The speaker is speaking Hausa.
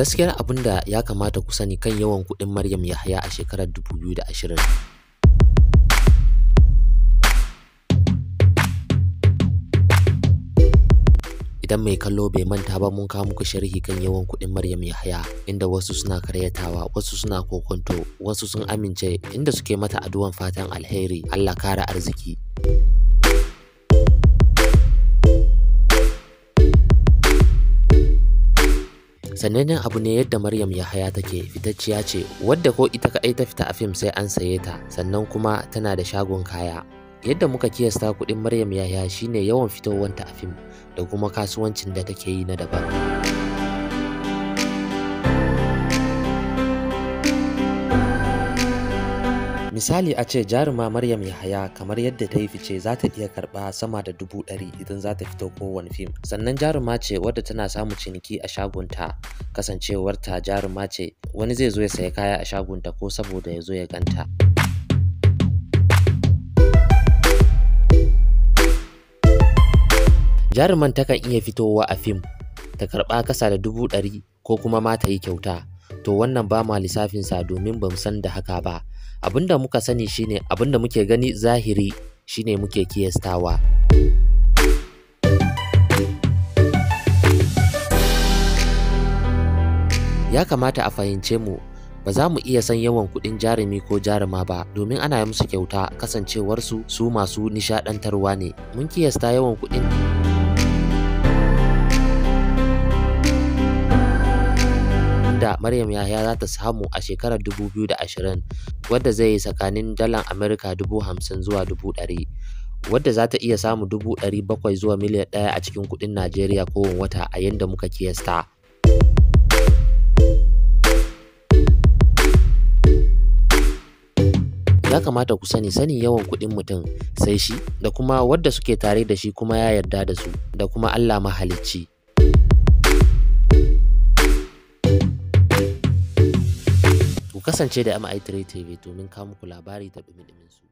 Gaskiyar abin da ya kamata ku sani kan yawan kuɗin Maryam Yahaya a shekarar 2020. Idan mai kallo bai manta ba mun kawo muku sharhi kan yawan kuɗin Maryam Yahaya inda wasu suna karyatawa, wasu suna kokonto, wasu sun amince inda suke mata addu'an fatan alheri, Allah kara arziki. sanannen abu ne yadda maryam yahaya take fitacciya ce wadda ko ita kaɗai ta fita a fim sai an saye ta sannan kuma tana da shagon kaya yadda muka kiyasta kuɗin maryam yahaya shine yawan fitowanta a fim da kuma kasuwancin da take yi na daban misali a ce jaruma maryam yahaya kamar yadda ta yi fice za ta iya karba sama da dubu ɗari idan za ta fito kowane fim sannan jaruma ce wadda tana samun ciniki a shagunta kasancewarta jaruma ce wani zai zo ya sayi kaya a shagunta ko saboda ya zo ya ganta jaruman takan iya fitowa a fim ta karba kasa da dubu ɗari ko kuma ma ta yi kyauta to wannan ba ma lissafinsa domin ba san da haka ba da muka sani shine abin da muke gani zahiri shine muke kiyastawa ya kamata a fahimce mu ba za mu iya san yawan kuɗin jarumi ko jaruma ba domin ana yi musu kyauta kasancewarsu su masu nishaɗantarwa ne mun kiyasta yawan kuɗin Maryam Yahaya za ta samu a shekarar 2020 wadda zai yi tsakanin dalar Amurka 50,000 zuwa 100,000 wadda za ta iya samu 700,000 zuwa miliyan ɗaya a cikin kuɗin Najeriya kowane wata a yadda muka kiyasta. ya kamata ku sani sanin yawan kuɗin mutum sai shi da kuma wadda suke tare da shi kuma ya yarda da su da kuma Allah mahalicci ku kasance da MI3 TV domin kawo muku labari da dumi su.